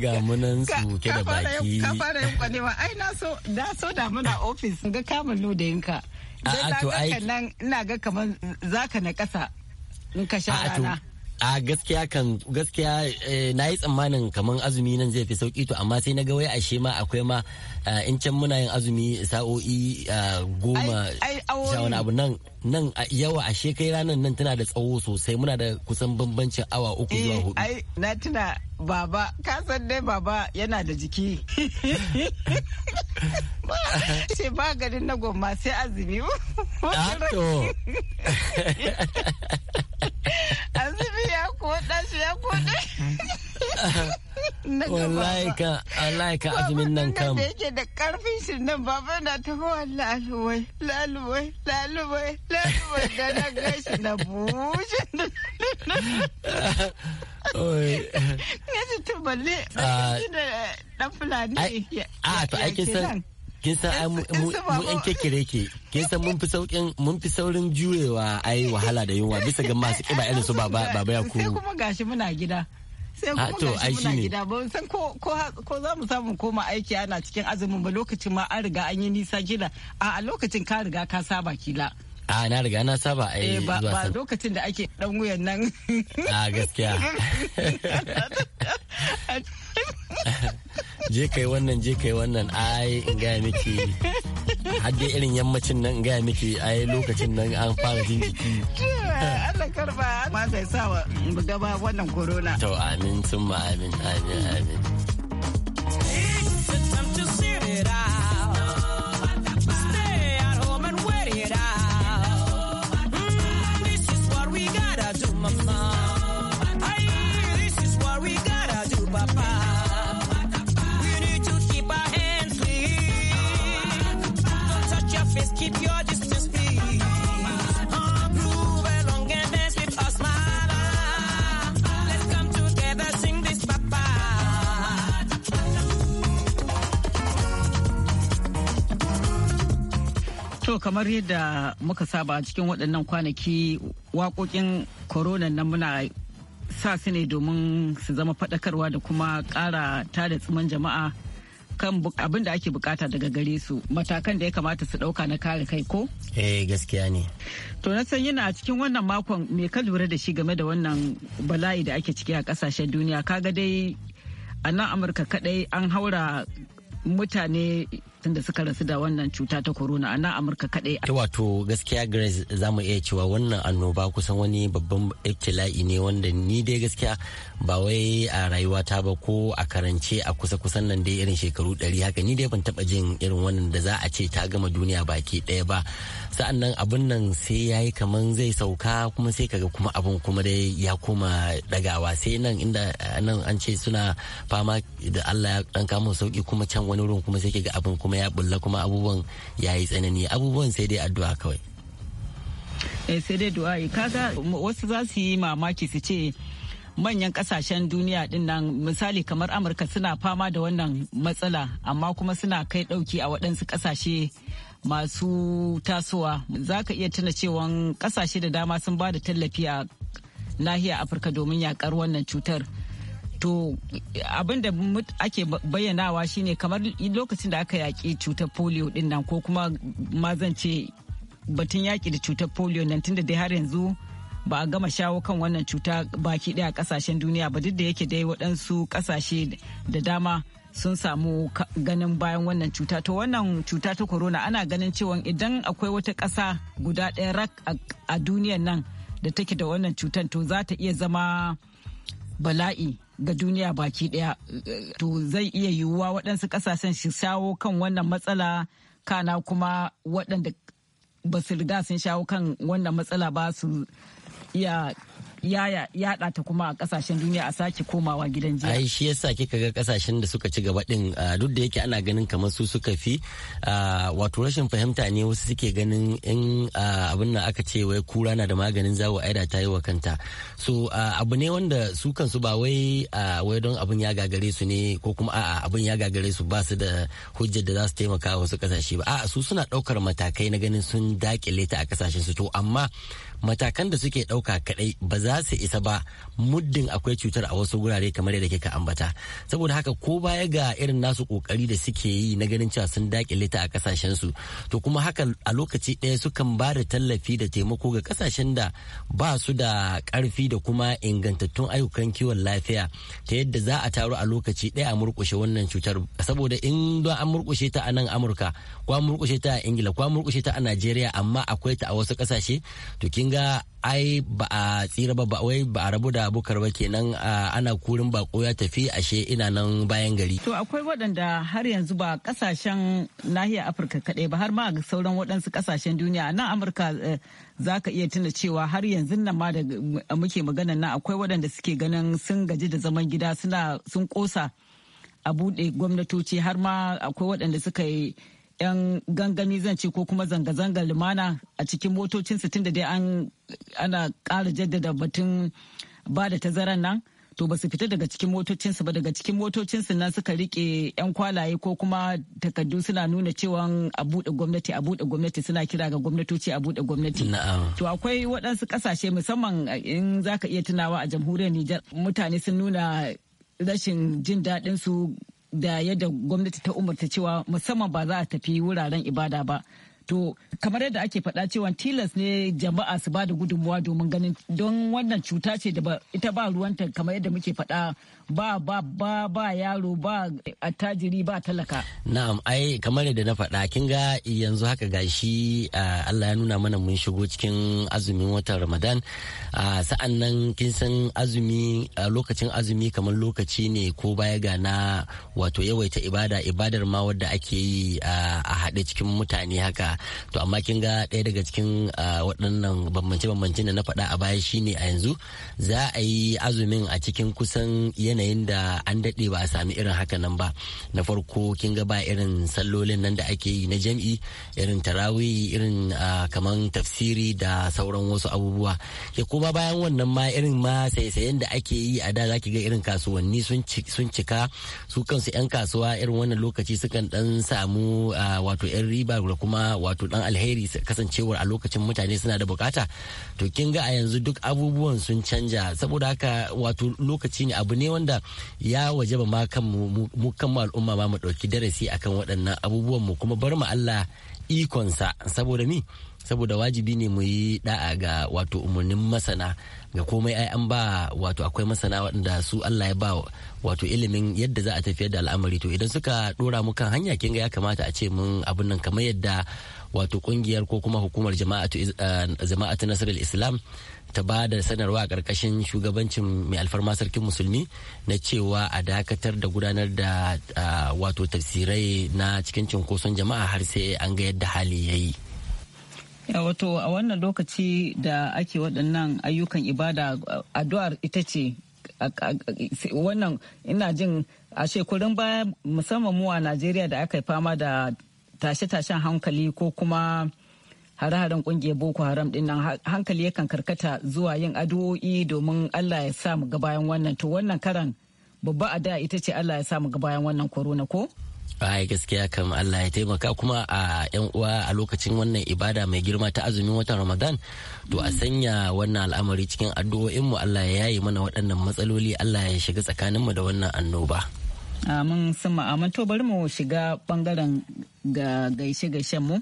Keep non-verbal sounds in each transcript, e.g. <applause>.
ga munan su ke da baki ka fara yin kwalewa. ai na so da so da muna office ga kamun lodayinka a to ai nan ina ga kamar zaka na kasa in ka sha rana a gaskiya kan gaskiya eh, na yi tsammanin kamar azumi nan zai fi sauki to amma sai na ga wai ashe ma akwai ma eh, in can muna yin azumi sa'o'i eh, goma sha wani abu nan nan yawa a kai ranar nan tana da tsawo sosai muna da kusan bambancin awa uku zuwa eh, hudu. Ai na tuna baba ka san dai baba yana da jiki. <laughs> Ce ba garin na gomma sai azumi. <laughs> Ah, <laughs> azumi ya kuwa ɗansu ya kuwa wallahi ka wallahi ka azumin nan kam da yake da karfin shi nan baba na ta laluwai laluwai laluwai laluwai da na gashi na bushe gashi ta balle ah. da dan fulani a ah, to ake san kin san mu yan kekere ke kin san mun fi saukin mun fi saurin juyewa ai wahala da yunwa bisa ga masu kiba irin su baba baba ya kuru kuma gashi muna gida sai kuma ah, to ai shine gida ba san ko ko ko za mu samu koma aiki ana cikin azumin ba lokacin ma an riga an yi nisa kila a lokacin ka riga ka saba kila a na riga na saba a yi eh, ba lokacin da ake dan wuyan nan a gaskiya <laughs> <laughs> je kai wannan je kai wannan ai in ga miki <laughs> hage irin yammacin nan gaya miki ai lokacin nan an fara jin jiki Allah karba ma sa wa gaba wannan corona to amin sun amin amin amin kamar yadda muka saba cikin waɗannan kwanaki waƙoƙin corona nan muna sa su ne domin su zama faɗakarwa da kuma ƙara tada tsiman jama'a kan abin da ake bukata daga gare su matakan da ya kamata su ɗauka na kare kai ko? Eh gaskiya ne. To na san yana cikin wannan makon me ka lura da shi game da wannan bala'i da ake ciki a kasashen duniya kaga dai a nan Amurka kaɗai an haura mutane tunda suka rasu da wannan cuta ta corona a nan amurka kaɗai. wato gaskiya grace za mu iya cewa wannan annoba kusan wani babban ibtila'i ne wanda ni dai gaskiya ba wai a rayuwata ba ko a karance a kusa kusan nan dai irin shekaru ɗari haka ni dai ban taba jin irin wannan da za a ce ta gama duniya baki daya ba sa'an nan abin nan sai ya yi kaman zai sauka kuma sai kaga kuma abin kuma dai ya koma dagawa sai nan inda nan an ce suna fama da allah ya ɗan kama sauki kuma can wani wurin kuma sai ga abin kuma kuma ya bulla kuma abubuwan ya yi tsanani abubuwan sai dai addu'a kawai eh sai dai du'a kaga wasu za su yi mamaki su ce manyan kasashen duniya din nan misali kamar amurka suna fama da wannan matsala amma kuma suna kai dauki a waɗansu kasashe masu tasowa za ka iya tuna cewa kasashe da dama sun ba da tallafi a nahiyar afirka domin yakar wannan cutar to abin da ake bayyanawa shine kamar lokacin da aka yaƙi cutar polio din nan ko kuma zan ce batun yaƙi da cutar polio nan tunda dai har yanzu ba a gama shawo kan wannan cuta baki ɗaya a ƙasashen duniya ba duk da yake dai waɗansu ƙasashe da dama sun samu ganin bayan wannan cuta to wannan cuta ta corona ana ganin cewa idan akwai wata ƙasa guda ɗaya rak a duniyan nan da take da wannan cutar to za ta iya zama bala'i ga duniya baki daya to zai iya yiwuwa waɗansu kasashen su shawo kan wannan matsala kana kuma waɗanda ba su riga sun shawo kan wannan matsala ba su iya yada ta kuma a kasashen duniya a sake komawa gidan jiya ai shi yasa kika ga kasashen da suka ci gaba din ah, duk da yake ana ganin kamar su suka fi ah, wato rashin fahimta ne wasu suke ganin in ah, abin nan aka ce wai kura na da maganin zawo aida ta yi wa kanta so abu ne wanda su kansu ba wai wai don abin ya gagare su ne ko kuma a'a abin ya gagare su ba su da hujjar da za su taimaka wasu kasashe ba a'a su suna daukar matakai na ganin sun dakile ta a kasashen su to amma matakan da suke dauka kadai ba za su isa ba muddin akwai cutar a wasu gurare kamar yadda kika ambata saboda haka ko baya ga irin nasu kokari da suke yi na ganin cewa sun dakile ta a kasashen su to kuma haka a lokaci ɗaya sukan ba da tallafi da taimako ga kasashen da ba su da karfi da kuma ingantattun ayyukan kiwon lafiya ta yadda za a taru a lokaci ɗaya a murkushe wannan cutar saboda in don an murkushe ta a nan amurka ko an murkushe ta a ingila ko an murkushe ta a najeriya amma akwai ta a wasu kasashe to kin ga ai ba a tsira ba wai ba a rabu da abokar ba kenan ana kurin bako ya tafi ashe ina nan bayan gari. To akwai waɗanda har yanzu ba kasashen nahiyar Afirka kaɗai ba har ma ga sauran waɗansu kasashen duniya nan Amurka eh, za ka iya tuna cewa har yanzu nan ma da muke maganan nan akwai waɗanda suke ganin sun gaji da zaman gida suna sun kosa a buɗe gwamnatoci har ma akwai waɗanda suka yi 'yan gangami zan ce ko kuma zanga-zangar lumana a cikin motocin sittin da dai ana ƙara jaddada batun ba da tazaran nan to ba su fita daga cikin motocinsu ba daga cikin motocinsu nan suka rike 'yan kwalaye ko kuma takardu suna nuna cewa a buɗe gwamnati a buɗe gwamnati suna kira ga gwamnatoci a buɗe gwamnati to akwai waɗansu ƙasashe musamman in zaka iya tunawa a jamhuriyar Nijar mutane sun nuna rashin jin daɗin su da yadda gwamnati ta umarta cewa musamman ba za a tafi wuraren ibada ba to kamar yadda ake faɗa cewa tilas ne jama'a su ba da gudunmuwa domin ganin don wannan cuta ce da ita ba ruwanta kamar yadda muke faɗa ba ba ba ba yaro ba attajiri ba talaka na'am ai kamar yadda na faɗa kin ga yanzu haka gashi Allah ya nuna mana mun shigo cikin azumin watan Ramadan sa'an nan kin san azumi lokacin azumi kamar lokaci ne ko baya ga na wato yawaita ibada ibadar ma wadda ake yi a haɗe cikin mutane haka to amma kin ga ɗaya daga cikin waɗannan bambance bambance da na faɗa a baya shine a yanzu za a yi azumin a cikin kusan yanayi yanayin da an daɗe ba a sami irin haka nan ba na farko kin ga ba irin sallolin nan da ake yi na jam'i irin tarawih irin kaman tafsiri da sauran wasu abubuwa ke kuma bayan wannan ma irin ma saye da ake yi a da zaki ga irin kasuwanni sun cika su kansu 'yan kasuwa irin wannan lokaci sukan dan samu wato 'yan riba da kuma wato dan alheri kasancewar a lokacin mutane suna da bukata to kin ga a yanzu duk abubuwan sun canja saboda haka wato lokaci ne abu ne wanda wanda ya wajaba ma kan mu kan al'umma ma mu ɗauki darasi akan waɗannan abubuwan mu kuma bar mu Allah ikonsa saboda ni saboda wajibi ne mu yi da'a ga wato umarnin masana ga komai ai an ba wato akwai masana waɗanda su Allah ya ba wato ilimin yadda za a tafiyar da al'amari to idan suka dora mu kan hanya kin ga ya kamata a ce mun abun nan kamar yadda wato kungiyar ko kuma hukumar jama'atu eh, jama'atu nasarar islam ta ba da sanarwa a ƙarƙashin shugabancin mai alfarma sarkin musulmi na cewa a dakatar da gudanar da wato tafsirai na cikin cinkoson jama'a har sai an ga yadda hali ya yi. wato a wannan lokaci da ake waɗannan ayyukan ibada addu'ar ita ce wannan ina jin a shekarun baya musamman mu a najeriya da aka yi fama da tashe-tashen hankali ko kuma hare-haren kungiyar boko haram din nan hankali yakan karkata zuwa yin addu'o'i domin allah ya sa mu ga bayan wannan to wannan karan babba a da ita ce allah ya sa mu ga bayan wannan korona ko ai gaskiya kam Allah ya taimaka kuma a yan uwa a lokacin wannan ibada mai girma ta azumin watan Ramadan to a sanya wannan al'amari cikin addu'o'in mu Allah ya yayi mana waɗannan matsaloli Allah ya shiga tsakanin mu da wannan annoba amin sun amin to bari mu shiga bangaren ga gaishe gaishen mu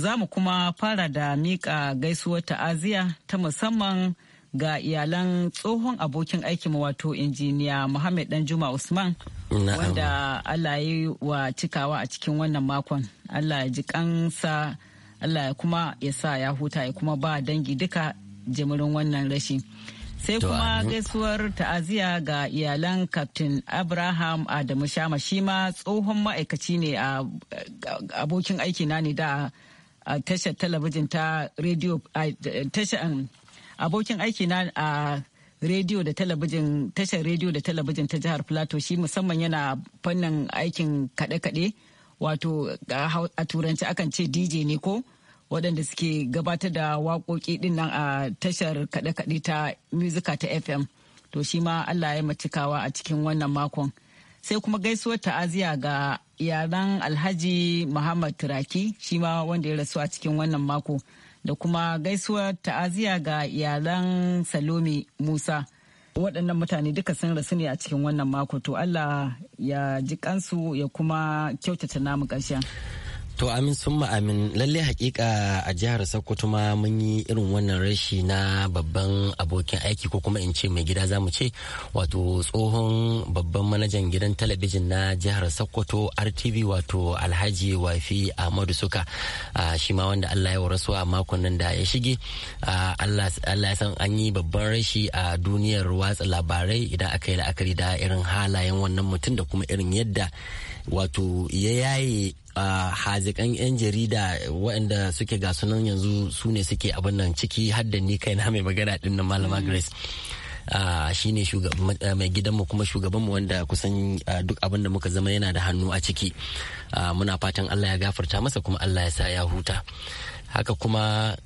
Za mu kuma fara da miƙa gaisuwar ta'aziya ta musamman ga iyalan tsohon abokin aikin wato injiniya Muhammad Danjuma Usman wanda Allah ya yi wa cikawa a cikin wannan makon. Allah ya ji kansa Allah ya kuma ya sa ya huta ya kuma ba dangi duka jimirin wannan rashi. sai kuma gaisuwar ta'aziya ga iyalan captain abraham adamu shama shi ma tsohon ma'aikaci ne a abokin aiki na ne da a tashar talabijin ta rediyo um, abokin aiki na a radio da talabijin tashar rediyo da talabijin ta jihar plateau shi musamman yana fannin aikin kaɗe-kaɗe wato a turanci akan ce dj ne ko waɗanda suke gabatar da waƙoƙi ɗin nan a tashar kaɗe-kaɗe ta musica ta fm to shi ma allah ya macikawa a cikin wannan makon sai kuma gaisuwar ta'aziya ga yaran alhaji muhammad turaki shi ma wanda ya rasu a cikin wannan mako da kuma gaisuwar ta'aziya ga yaran salome musa waɗannan mutane duka sun rasu ne a cikin wannan mako to allah ya ji kansu ya kuma kyautata namu ƙarshen To amin sun amin lalle hakika a jihar Sokoto ma mun yi irin wannan rashi na babban abokin aiki ko kuma in ce mai gida za mu ce wato tsohon babban manajan gidan talabijin na jihar Sokoto RTV wato Alhaji Wafi Ahmadu Suka shi ma wanda Allah ya rasu a makon nan da ya shige Allah ya san an yi babban rashi a duniyar watsa labarai idan aka yi la'akari da irin halayen wannan mutum da kuma irin yadda wato ya yaye Uh, hazikan 'yan jarida waɗanda suke gasunan yanzu su ne suke abin nan ciki hadda ni kai na mai magana din nan malama mm. grace uh, shi ne uh, mai gidanmu kuma shugabanmu wanda kusan duk abin da muka zama yana da hannu a ciki muna fatan allah ya gafarta masa kuma allah ya sa ya huta haka kuma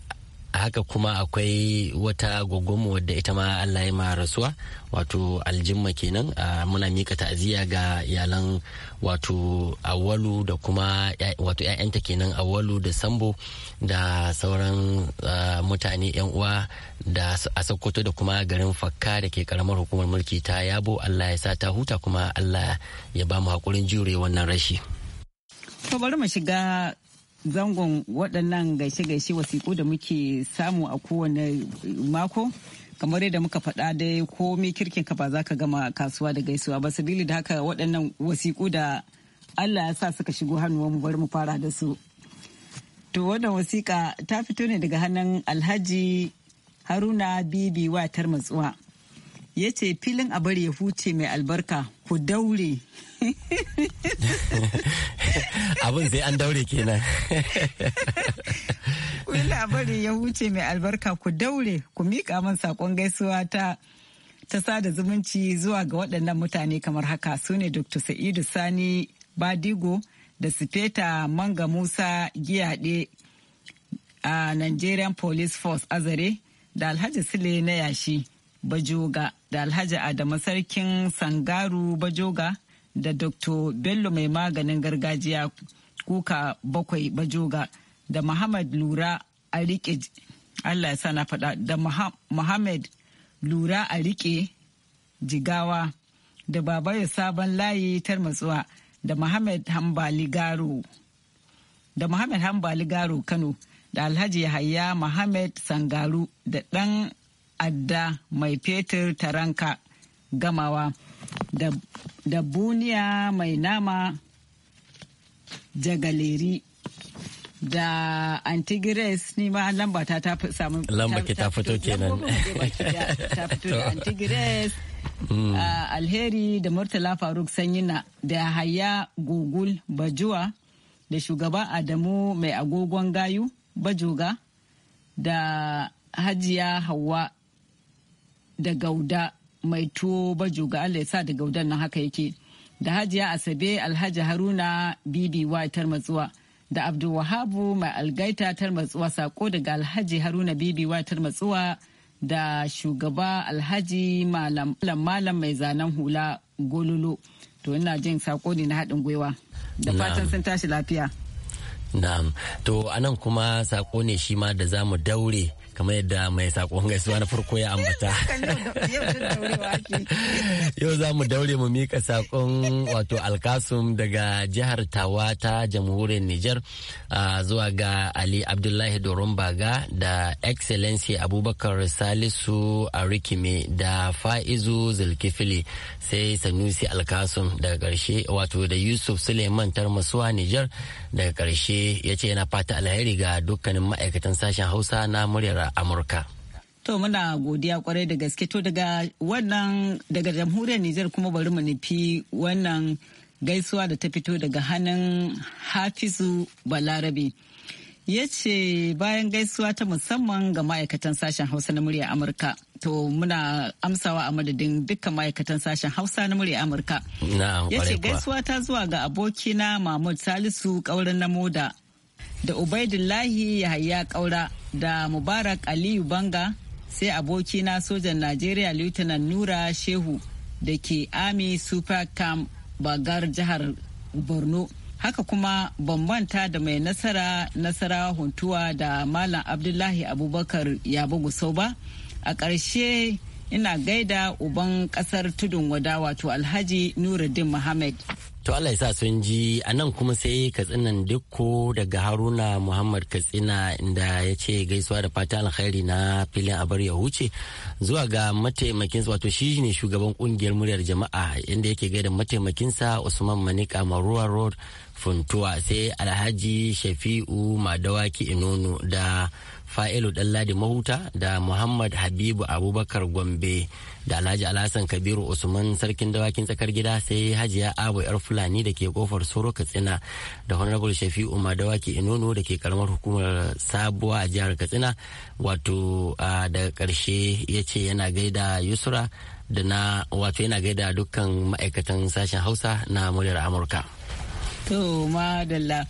haka kuma akwai wata gwaggonmu wadda ita ma allah ya ma rasuwa wato aljimma kenan muna mika ta'aziyya ga iyalan wato awalu da kuma wato 'ya'yanta kenan awalu da sambo da sauran mutane 'yan uwa da a sokoto da kuma garin fakka da ke karamar hukumar mulki ta yabo allah ya sa ta huta kuma allah ya ba mu haƙurin jure wannan rashi. To mu shiga zangon waɗannan gaishe-gaishe wasiƙu da muke samu a kowane mako kamar yadda muka faɗa dai komi kirkin ka ba za ka gama kasuwa da gaisuwa ba sabili da haka waɗannan wasiƙu da allah ya sa suka shigo hannuwan mu bar mu fara da su to wannan wasiƙa ta fito ne daga hannun alhaji haruna bibi wa matsuwa ya ce filin a bari ya huce mai albarka ku daure <laughs> abin sai an daure kenan <laughs> a ya huce mai albarka ku daure ku miƙa man sakon gaisuwa ta ta sada zumunci zuwa ga waɗannan mutane kamar haka su ne dr sa'idu sani badigo da sifeta manga musa giyaɗe a nigerian police force azare da alhaji sule na yashi bajoga da alhaji adamu sarkin sangaru bajoga da dr bello mai maganin gargajiya kuka bakwai bajoga da muhammad lura a rike allah ya sana faɗa da muhammad lura a rike jigawa da babayo sabon layi tarmatsuwa da muhammad hambali garo da muhammad hambali garo kano da alhaji yahaya muhammad sangaru da ɗan adda mai fetur taranka gamawa da buniya mai nama jagaleri da antigres ni ma lamba ta ta samu lamba ke ta fito kenan <laughs> antigres hmm. alheri da murtala faruk sanyina da haya gugul bajuwa da shugaba adamu mai agogon gayu bajuga da hajiya hawa da gauda mai tuwo ga Allah ya sa da gaudan nan haka yake da hajiya asabe alhaji haruna bibi tar matsuwa da wahabu mai algaita tar matsuwa sako daga alhaji haruna bibi tar matsuwa da shugaba alhaji malam malam mai zanen hula gololo to ina jin sako ne na haɗin gwiwa da fatan sun tashi lafiya na'am to anan kuma sako ne shi ma da za mu daure kamar yadda mai sakon gaisuwa na farko ya ambata <laughs> <laughs> yau za mu daure mu mika sakon wato alkasum daga jihar tawa ta jamhuriyar niger zuwa ga ali abdullahi doron baga da excellency abubakar salisu arikime da fa'izu zulkifili sai sanusi alkasum daga karshe wato da yusuf suleiman tarmasuwa niger daga karshe ya ce yana fata alheri ga dukkanin ma'aikatan sashen hausa na muryar Amurka. To muna godiya kwarai da gaske to daga wannan daga jamhuriyar Nijar kuma bari mu nufi wannan gaisuwa da ta fito daga hannun Hafizu Balarabe. ya ce bayan gaisuwa ta musamman ga ma'aikatan sashen hausa na murya amurka to muna amsawa a madadin dukkan ma'aikatan sashen hausa na murya amurka ya ce gaisuwa ta zuwa ga abokina mahmud salisu kaurin na moda da Ubaidullahi Yahaya Kaura da Mubarak Aliyu Banga sai abokina sojan Najeriya Lieutenant Nura Shehu da ke Army Super Camp Bagar jihar Borno. Haka kuma bambanta da mai nasara nasara huntuwa da Malam Abdullahi Abubakar Yabo Gusau ba. A ƙarshe ina gaida uban ƙasar tudun wada wato Alhaji Nuruddin Muhammad. To Allah ya sa sun ji a nan kuma sai katsinan dukko daga Haruna Muhammad Katsina inda ya ce gaisuwa da fata alkhairi na filin abar ya huce zuwa ga mataimakinsa wato shi ne shugaban kungiyar muryar jama'a inda yake gaida mataimakinsa Usman Manika Maruwa Road Funtuwa sai Alhaji Shafi'u Madawaki inonu da fa'ilu ɗanladi mahuta da muhammad habibu abubakar gombe da alhaji alhassan kabiru usman sarkin dawakin tsakar gida sai hajiya abu yar fulani da ke kofar soro katsina da honorable shafi'u madawaki inono da ke karamar hukumar sabuwa a jihar katsina wato daga karshe ya ce yana gaida yusra da na wato yana gaida dukkan ma'aikatan sashen hausa na muryar amurka to madalla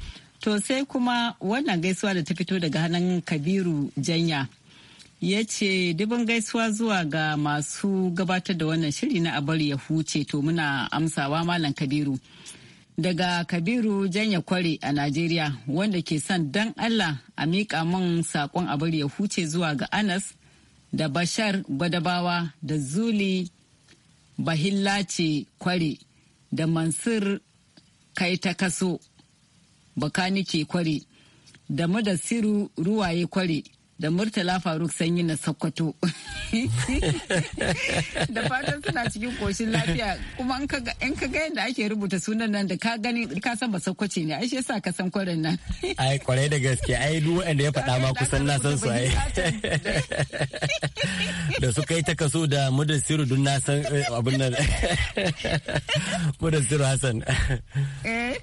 To sai kuma wannan gaisuwa da ta fito daga hannun Kabiru Janya. ya ce dubin gaisuwa zuwa ga masu gabatar da wannan shiri na abar ya huce to muna amsawa malam kabiru daga kabiru janya kware a najeriya wanda ke son dan allah a miƙa min saƙon abar ya huce zuwa ga anas da bashar gwadabawa da zuli bahillace kware da mansur kai ta kaso bakanike kware da madasiru ruwaye kware da murtala faruk sanyi na sakwato da fatan suna cikin koshin lafiya kuma in ka ga yadda ake rubuta sunan nan da ka gani ka san ba sokoce ne ai shi yasa ka san kwarin nan ai kwarai da gaske ai duk waɗanda ya faɗa ma kusan na san su ai da su kai ta kaso da mudassiru dun na san eh, abin nan <laughs> mudassiru hasan eh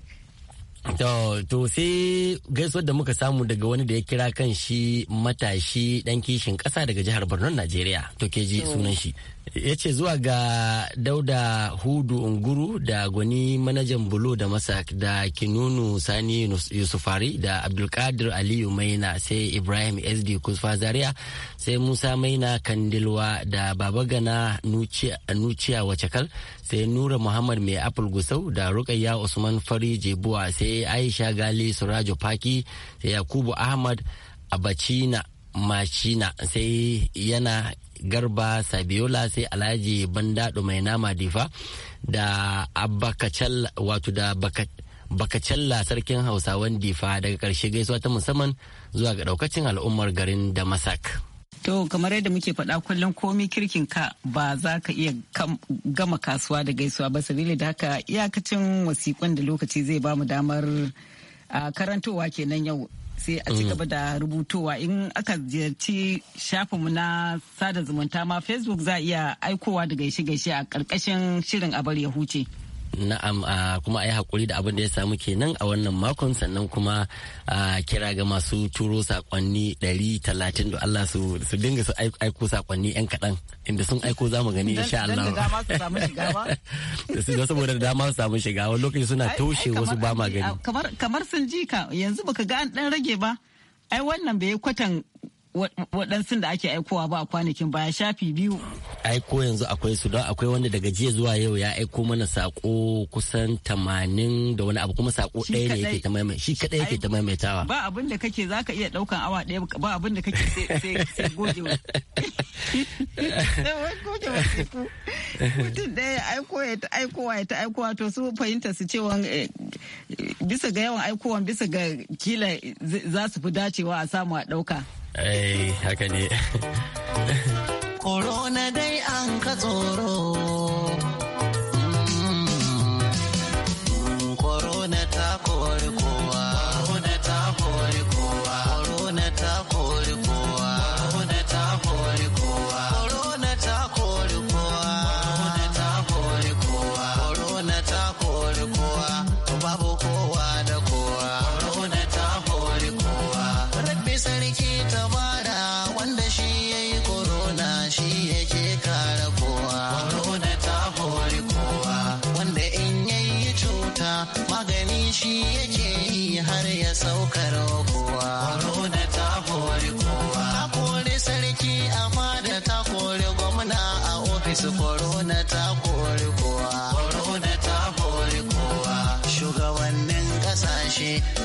To sai gaisuwar da muka samu daga wani da ya kira kan shi matashi dan kishin ƙasa daga jihar Borno Najeriya to ke ji sunan shi. Ya ce zuwa ga Dauda Hudu Unguru da gwani manajan Bulo da Masak da Kinunu Sani Yusufari da Abdulkadir Aliyu Maina sai Ibrahim SD Kusfa Zaria sai Musa Maina Kandilwa da Babagana Nuciya Wacakal sai Nura Muhammad Mai Apple Gusau da Rukayya Usman Fari Jebuwa sai sai aisha gali surajo faki sai yakubu ahmad abacina machina sai yana garba sabiola sai alhaji bandado mai nama difa da abakacal wato da bakacalla sarkin hausawan difa daga ƙarshe gaisuwa ta musamman zuwa ga ɗaukacin al'ummar garin damasak. To kamar yadda muke faɗa kullum komi kirkin ka ba za ka iya gama kasuwa da gaisuwa ba sabili da haka iyakacin wasiƙun da lokaci zai ba mu damar karantowa kenan yau sai a ci mm. gaba da rubutowa in aka ziyarci shafinmu na sada zumunta ma facebook za a iya aikowa da gaishe-gaishe a ƙarƙashin shirin a bar ya huce. na'am kuma a yi hakuri da abin da ya samu kenan a wannan makon sannan kuma kira ga masu turo sakonni 130 da Allah su dinga su aiko sakonni yan kaɗan inda sun aiko za mu gani insha Allah da saboda dama su samu shiga wani lokaci suna toshe wasu ba ma gani kamar sun ji ka yanzu baka ga an dan rage ba ai wannan bai kwatan waɗansu da ake aikowa ba a kwanakin baya shafi biyu. Aiko yanzu akwai su don akwai wanda daga jiya zuwa yau ya aiko mana sako kusan tamanin da wani abu kuma sako ɗaya ne yake ta shi kaɗai yake ta maimaitawa. Ba abin da kake za ka iya ɗaukan awa ɗaya ba abin da kake sai goge <laughs> Mutum ɗaya aiko ya ta aikowa ya ta aikowa to su fahimta su cewa eh, bisa ga yawan aikowan bisa ga kila za su fi dacewa a samu a ɗauka. ai haka ne corona dai an ka tsoro mm, corona ta kori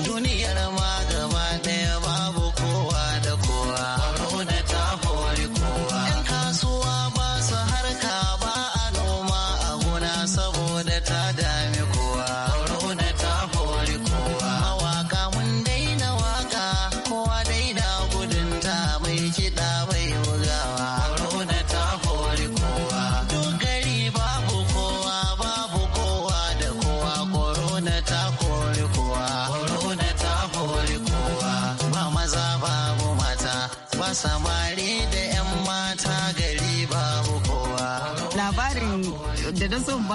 duniyar ma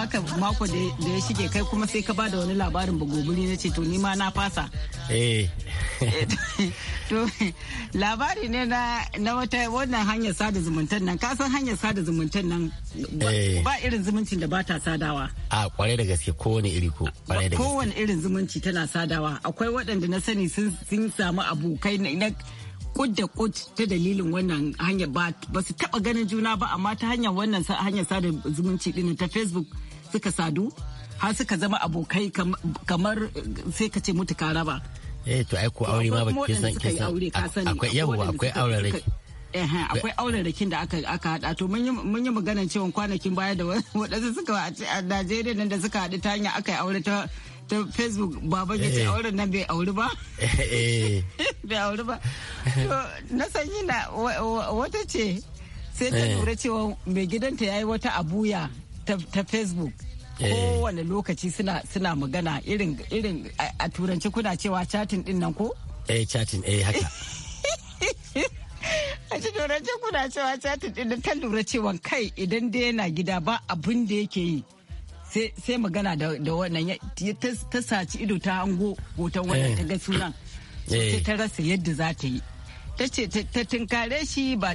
baka mako da ya shige kai kuma sai ka bada wani labarin bagoburi na ce to ni ma na fasa eh <laughs> to labari ne na wata wannan hanyar sada zumunta nan san hanyar sada zumunta nan eh. ba irin zumuncin da ba ta sadawa a kwarai da gaske kowane iri ko kwarai da gaske kowane irin zumunci tana sadawa akwai waɗanda na sani sun samu abokai na kud da kud ta dalilin wannan hanyar ba su taba ganin juna ba amma ta hanyar wannan hanyar sada zumunci ɗin ta facebook suka sadu har suka zama abokai kamar sai ka ce mutu kara ba. Eh to ai ko aure ma ba ke san ke san akwai yawa eh, eh, akwai auren rake. akwai aure rakin da aka hada to mun yi maganar cewa kwanakin baya da wadansu <laughs> suka a Najeriya nan da suka haɗu ta hanya aka yi aure ta ta facebook baban ya ce eh. auren nan bai aure ba <laughs> <laughs> bai aure ba to na yi na wata ce sai ta lura cewa mai gidanta ya yi wata abuya ta facebook eh. kowane lokaci suna magana irin a turanci kuna cewa chatin din nan ko? eh chatin eh haka <laughs> a ci turanci kuna cewa chatin din ta lura cewa kai idan dai yana gida ba abin da yake yi sai magana da wannan ta saci ido ta hango hoton wannan eh. ta ga sunan eh. sai ta rasa yadda za ta yi ta ce ta tunkare shi ba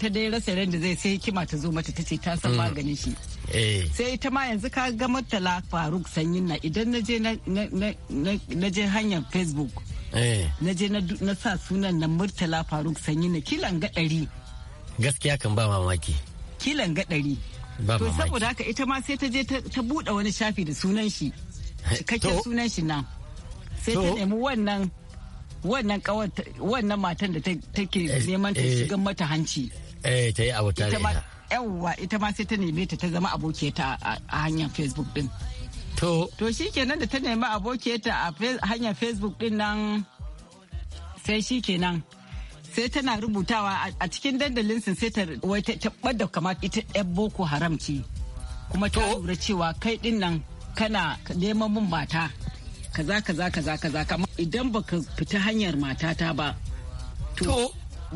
ta dai rasa yadda zai sai hikima ta zo mata ta ce ta san mm. maganin shi Eh. sai ita ma yanzu ka ga murtala faruk sanyin na idan na je na je hanyar facebook eh. na je na sa sunan na murtala faruk sanyin na kilan ga ɗari gaskiya kan ba mamaki kilan ga ɗari to saboda haka ita ma sai ta je ta buɗe wani shafi da sunan shi <laughs> cikakken sunan shi nan sai ta nemi wannan wannan kawar wannan matan da take eh, neman ta shigan mata hanci eh ta yi abu tare yawwa ita ma sai ta neme ta ta zama abokiyarta a hanyar facebook din to to shikenan da ta nemi abokiyarta a hanyar facebook din nan sai shikenan sai tana rubutawa a cikin dandalin sun sai ta tabbar da kamar ita ɗan boko haram ce kuma ta lura cewa kai din nan kana neman mun mata kaza kaza kaza kaza kamar idan baka fita hanyar matata ba to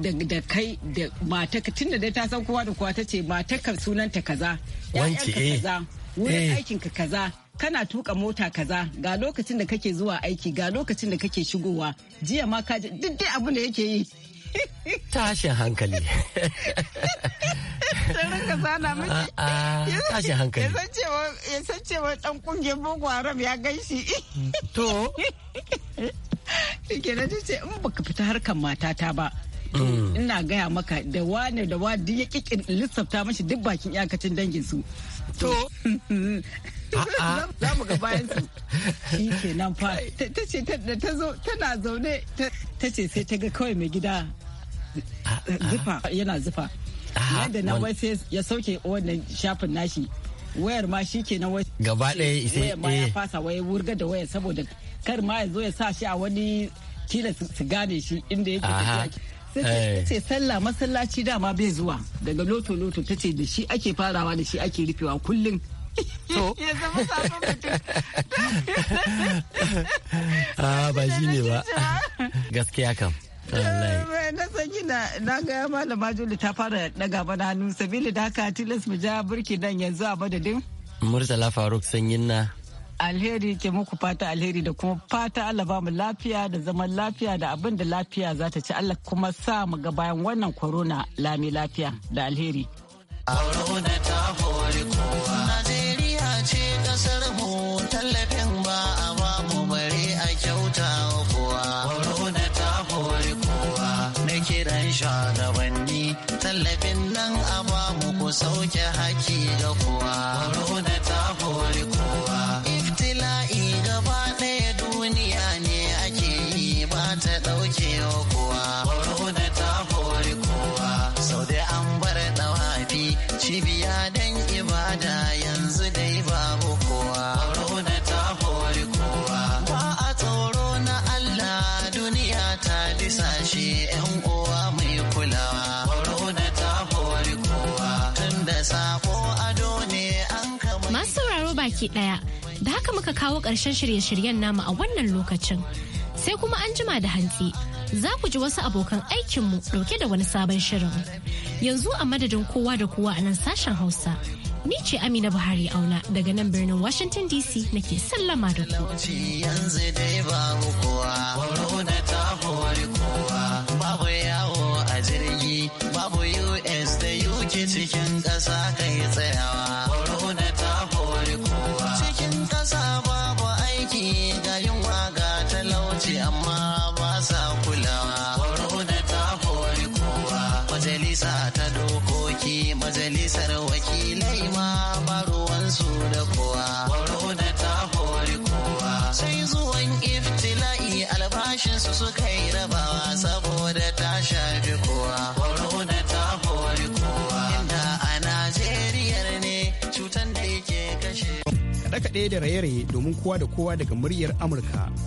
da kai da mataka tun da dai ta san kowa da kowa ta ce mataka sunanta kaza wanki eh. kaza wurin eh. aikinka kaza kana tuka mota kaza ga lokacin da kake zuwa aiki ga lokacin da kake shigowa jiya ma ka duk dai abin da yake yi <laughs> tashin hankali <laughs> ka zana miki ah, ah, tashin hankali ya san cewa dan kungiyar boko haram ya gaishi to <laughs> kenan ta ce in baka fita harkar matata ba Eh, ina gaya maka da wane da wa duk ya kikin lissafta mashi duk bakin iyakacin dangin su to <laughs> <laughs> za mu ga bayan su <laughs> shi nan fa ta ce tana zaune ta ce sai ta ga kawai mai gida eh, zufa yana zufa yadda na wai sai ya sauke wannan shafin nashi wayar ma shi kenan wai gaba ɗaya isa wayar ma ya eh. fasa waya wurga da wayar saboda kar ma ya zo ya sa shi a wani kila su gane shi inda yake sai eh. ce sallah masallaci dama bai zuwa daga loto loto ta ce da shi ake farawa da shi ake rufewa kullum <laughs> ya zama sabon mutum <laughs> ah, ba shi ne ba <laughs> gaskiya kam eh, na saki na ga malama juli ta fara daga mana hannu sabili da haka tilas mu ja burki dan yanzu a madadin murtala faruk sanyin na alheri ke muku fata alheri da kuma fata Allah ba lafiya da zaman lafiya da abinda lafiya za ta ci Allah kuma sa muga bayan wannan korona lami lafiya da alheri. Corona ta hori kowa. Najeriya ce kasar tallafin ba a bamu bare a kyauta kowa. Corona ta hori kowa. Na kiran shugabanni tallafin nan a bamu mu ku sauke haki ga kowa. Corona ta hori kowa. jiyo kuwa ruhuda ta hori kowa sau da an bar dawafi cibiya dan ibada yanzu dai babu kowa ruhuda ta hori kowa ba a tsoro na Allah duniya ta bisa shi yan uwa mai kulawa ruhuda ta hori kowa tunda sako ado ne an kama masu sauraro baki ɗaya da haka muka kawo ƙarshen shirye-shiryen namu a wannan lokacin sai kuma an jima da hantsi za ku ji wasu abokan aikinmu ɗauke da wani sabon shirin. Yanzu a madadin kowa da kowa a nan sashen Hausa. Ni ce Amina Buhari auna daga nan birnin Washington DC nake sallama da ku. kaɗe da raye-raye domin kowa da kowa daga muryar Amurka.